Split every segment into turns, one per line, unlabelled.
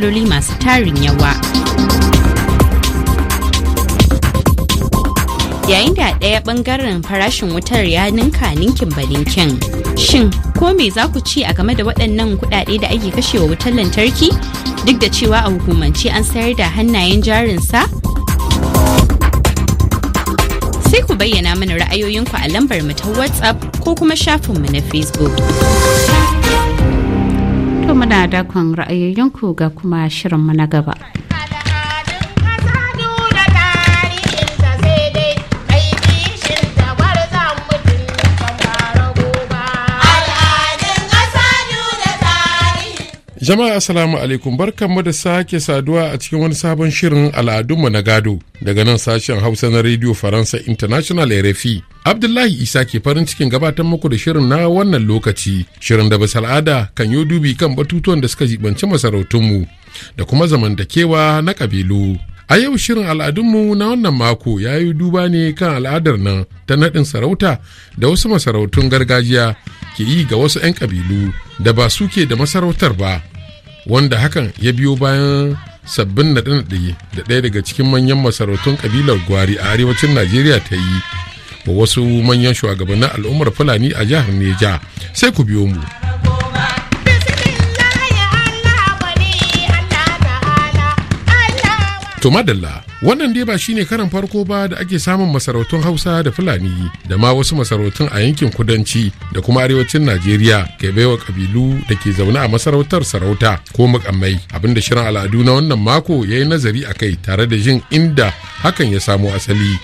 matsaloli masu tarin yawa. Yayin da ɗaya ɓangaren farashin wutar ya ninka ninkin balinkin. Shin, ko me za ku ci a game da waɗannan kuɗaɗe da ake kashewa wutar lantarki? Duk da cewa a hukumance an sayar da hannayen jarinsa? Sai ku bayyana mana ra'ayoyinku a lambar mu ta WhatsApp ko kuma shafinmu na Facebook.
muna dakon ra'ayoyinku ga kuma shirinmu na gaba.
Jama'a Assalamu alaikum barkanmu da sake saduwa a cikin wani sabon shirin al'adunmu na gado daga nan sashen Hausa na Radio Faransa International RFI. Abdullahi Isa ke farin cikin gabatar muku da shirin na wannan lokaci. Shirin da bisa al'ada kan yi dubi kan batutuwan da suka jibanci masarautunmu da kuma zamantakewa na kabilu. A yau shirin al'adunmu na wannan mako ya yi duba ne kan al'adar nan ta naɗin sarauta da wasu masarautun gargajiya ke yi ga wasu 'yan ƙabilu da ba suke da masarautar ba. wanda hakan ya biyo bayan sabbin naɗe-naɗe da ɗaya daga cikin manyan masarautun ƙabilar gwari a arewacin najeriya ta yi wa wasu manyan shugabannin al'ummar fulani a jihar neja sai ku biyo mu to wannan dai ba shine karan farko ba da ake samun masarautun hausa da fulani da ma wasu masarautun a yankin kudanci da kuma arewacin najeriya ke baiwa kabilu da ke zaune a masarautar sarauta ko mukammai abinda shirin al'adu na wannan mako ya yi nazari a kai tare da jin inda hakan ya samo asali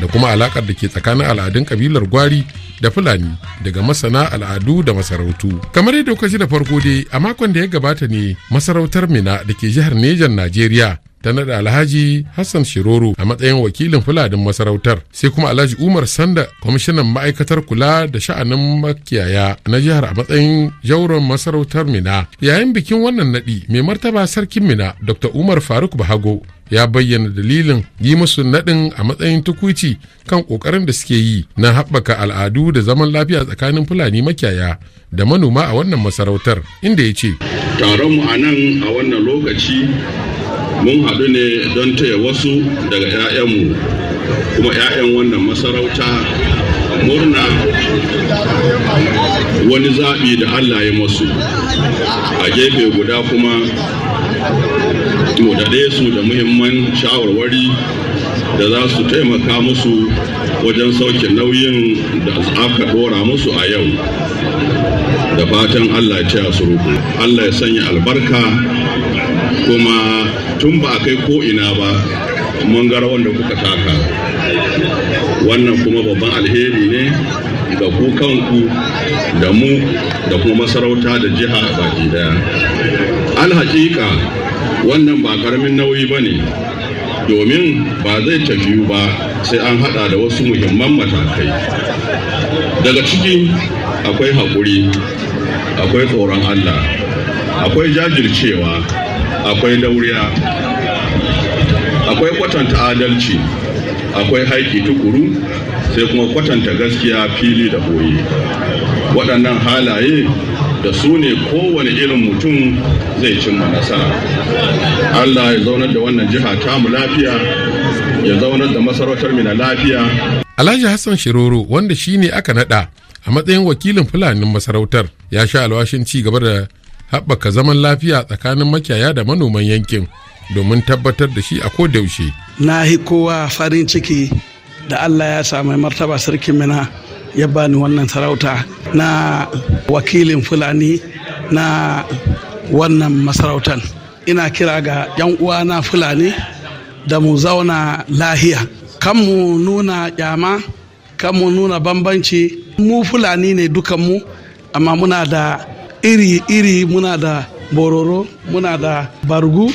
da kuma alakar da ke tsakanin al'adun kabilar gwari da fulani daga masana al'adu da masarautu kamar yadda kuka da farko dai a makon da ya gabata ne masarautar mina da ke jihar nejan najeriya ta naɗa alhaji hassan shiroro a matsayin wakilin fuladin masarautar sai kuma alhaji umar sanda kwamishinan ma'aikatar kula da sha'anin makiyaya na jihar a matsayin jauron masarautar mina yayin bikin wannan naɗi mai martaba sarkin mina dr umar faruk bahago ya bayyana dalilin yi musu naɗin a matsayin tukuci kan ƙoƙarin da suke yi na haɓaka al'adu da zaman lafiya tsakanin fulani makiyaya da manoma a wannan masarautar inda ya ce
taronmu a nan a wannan lokaci mun haɗu ne don taya wasu daga 'ya'yanmu kuma 'ya'yan wannan masarauta murna wani zaɓi da Allah ya masu a gefe guda kuma to da su da muhimman shawarwari da za su taimaka musu wajen sauke nauyin da aka dora musu a yau da fatan allah ya su ruku allah ya sanya albarka kuma tun ba a kai ko ina ba mun gara wanda kuka taka wannan kuma babban alheri ne ga ku kanku da mu da kuma masarauta da jiha baki daya alhaƙiƙa wannan ba karamin nauyi ba ne domin ba zai tafiyu ba sai an hada da wasu muhimman matakai daga ciki akwai haƙuri akwai tsoron allah akwai jajircewa akwai dauriya akwai kwatanta adalci akwai haiki tukuru sai kuma kwatanta gaskiya fili da boye waɗannan halaye da su ne kowane irin mutum zai cimma nasara allah ya zaunar da wannan jiha tamu lafiya ya zaunar da masarautar mina lafiya.
Alhaji Hassan Shiroro wanda shi ne aka naɗa a matsayin wakilin Fulanin masarautar ya sha alwashin ci gaba da haɓaka zaman lafiya tsakanin makiyaya da manoman yankin domin tabbatar da shi a kodaushe.
Na hi kowa farin ciki da Allah ya sami martaba sarkin mina ya bani wannan sarauta na wakilin Fulani na wannan masarautar. Ina kira ga 'yan uwana Fulani da mu zauna lahiya kan mu nuna kyama kan mu nuna bambanci mu fulani ne dukanmu amma muna da iri-iri muna da bororo muna da bargu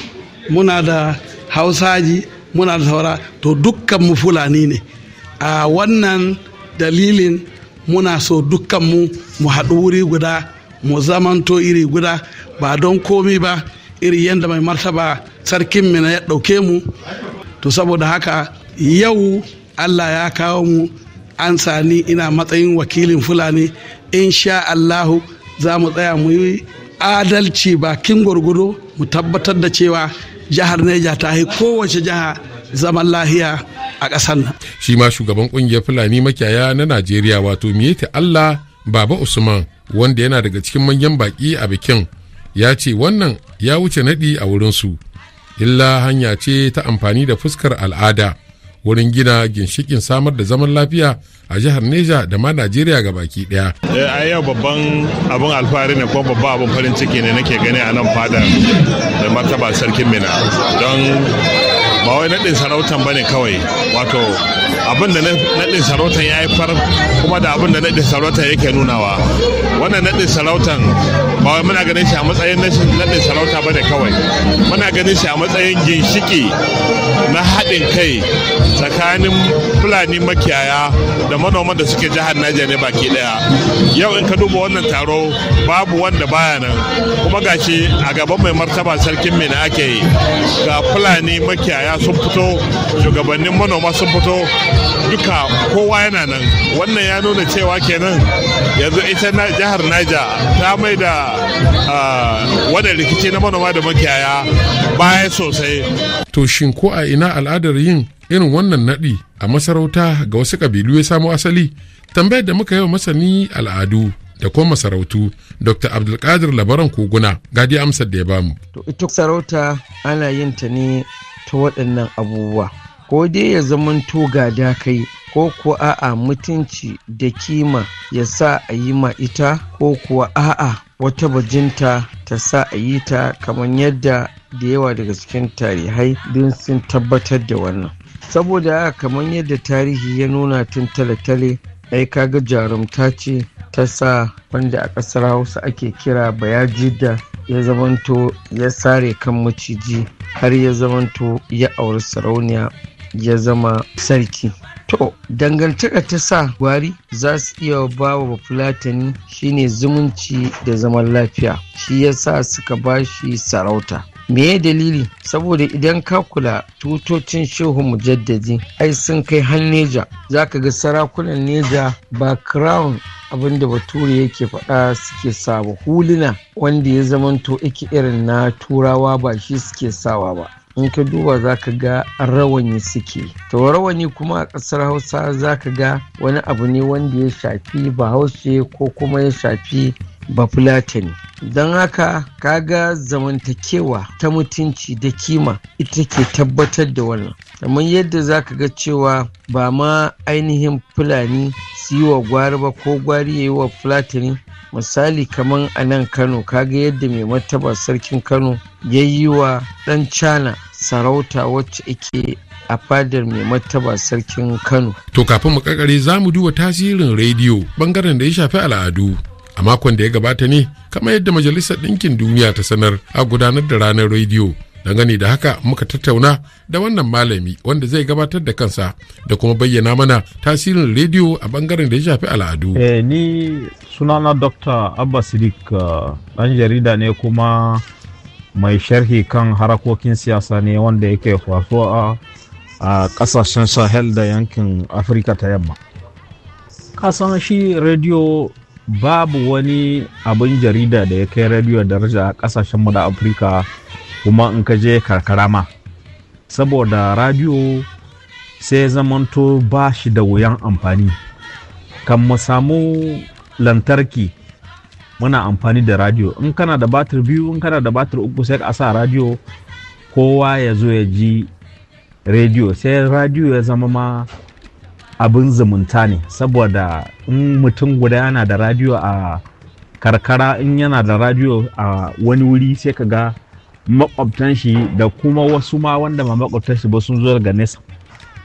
muna da hausaji muna da saura to dukkanmu fulani ne a wannan dalilin muna so dukkanmu mu haɗu wuri guda mu zamanto iri guda ba don komi ba iri yadda mai martaba sarkin na ya ɗauke mu to saboda haka yau allah ya kawo mu an sani ina matsayin wakilin fulani insha allahu za mu tsaya mu yi adalci bakin gurguru mu tabbatar da cewa jihar neja ta yi kowace jiha zaman lahiya a ƙasar nan
shi ma shugaban ƙungiyar fulani makiyaya na najeriya wato miyeti allah baba usman wanda yana daga cikin manyan baki a bikin ya ce wannan ya wuce naɗi a wurinsu illa hanya ce ta amfani da fuskar al'ada wurin gina ginshikin samar da zaman lafiya a jihar neja da ma najeriya ga baki daya
eh, a yau babban abin alfahari ne ko babban abin farin ciki ne nake gani a nan fada da martaba sarkin mina don ba wai naɗin sarautan ba ne kawai wato abin da naɗin sarautan ya haifar kuma da abin da naɗin sarautan yake nunawa wannan naɗin sarautan ba wai muna ganin shi a matsayin naɗin sarauta ba ne kawai muna ganin shi a matsayin ginshiki na haɗin kai tsakanin fulani makiyaya da manoman da suke jihar Niger ne baki daya yau in ka duba wannan taro babu wanda baya nan kuma gashi a gaban mai martaba sarkin mai na ake yi ga fulani makiyaya sun fito shugabannin manoma sun fito duka kowa yana nan wannan ya nuna cewa kenan yanzu ita jihar Niger ta mai da wanda rikici na manoma da makiyaya
baya sosai to shin ko a ina al'adar yin irin wannan naɗi a masarauta ga wasu ƙabilu ya samo asali tambayar da muka yi wa masani al'adu da kuma masarautu dr abdulkadir labaran koguna gadi amsar da ya bamu
to ita sarauta ana yin ta ne ta waɗannan abubuwa ko dai ya to gada kai ko kuwa a'a mutunci da kima ya sa a yi ma ita ko kuwa a'a wata bajinta ta sa a yi ta kamar yadda da yawa daga cikin tarihai don sun tabbatar da wannan saboda kamar yadda tarihi ya nuna tun tale-tale ai kaga jarumta ce ta sa wanda a ƙasar hausa ake kira bayaji da ya zamanto ya sare kan maciji har ya zamanto ya auri sarauniya ya zama sarki to dangantaka ta sa gwari za su iya ba wa fulatani shine zumunci da zaman lafiya shi ya sa suka ba shi sarauta me ya dalili saboda idan ka kula tutocin shehu mujaddadi ai sun kai har neja za ka ga sarakunan neja ba crown abin da bature yake faɗa suke sawa huluna wanda ya zamanto iki irin na turawa ba shi suke sawa ba in ka duba za ka ga rawani suke to rawani kuma a ƙasar hausa za ka ga wani abu ne wanda ya shafi bahaushe ko kuma ya shafi bafulatani don haka kaga zamantakewa ta mutunci da kima ita ke tabbatar da wannan kamar yadda za ka ga cewa ba ma ainihin fulani su yi wa gwari ba ko gwari ya yi wa fulatani misali kamar a nan kano kaga yadda mai martaba sarkin kano ya yi wa ɗan cana sarauta wacce ake a fadar mai martaba sarkin kano
to kafin mu kakare za mu duba tasirin rediyo bangaren da ya shafi al'adu makon da ya gabata ne kamar yadda majalisar ɗinkin duniya ta sanar a gudanar da ranar rediyo dangane da haka muka tattauna da wannan malami wanda zai gabatar da kansa da kuma bayyana mana tasirin rediyo a bangaren da ya shafi al'adu. Eh, ni sunana dr
abba sidik eh, ɗan jarida ne kuma mai sharhi kan harakokin siyasa ne wanda yake faruwa a kasashen sahel da yankin afirka ta yamma. kasan shi rediyo babu wani abin jarida da ya kai radio daraja a mu da afirka kuma in ka je karkara ma saboda radio sai zamanto ba shi da wuyan amfani kan mu samu lantarki muna amfani da radio in kana da batir biyu in kana da batir uku sai ka sa radio kowa ya zo ya ji radio sai radio ya zama ma abin zumunta ne saboda in mutum guda yana da radiyo a karkara in yana da radiyo a wani wuri sai ka ga makwabtan shi da kuma wasu ma wanda ma makwabtan shi ba sun zo daga nesa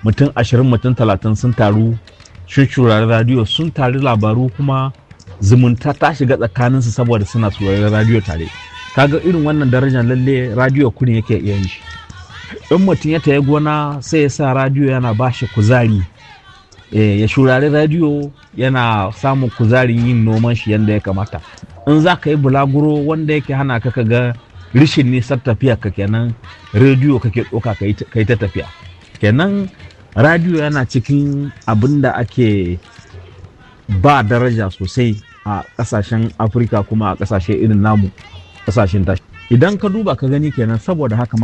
mutum ashirin mutum talatin sun taru shurare radiyo sun taru labaru kuma zumunta ta shiga tsakaninsu saboda suna tsoron radiyo tare kaga irin wannan darajar lalle radiyo ku yake iya yi in mutum ya tayi gona sai ya sa radiyo yana ba shi kuzari Eh, ya shurari radiyo yana samun kuzarin yin noman shi yadda ya kamata in za ka yi bulaguro wanda yake hana ka ka ga rishin nisan tafiya ka kenan rediyo kake ɗauka ka yi ta tafiya kenan radiyo yana cikin abin da ake ba daraja sosai a ƙasashen afirka kuma a ƙasashe irin namu ƙasashen tashi idan ka duba ka gani kenan saboda haka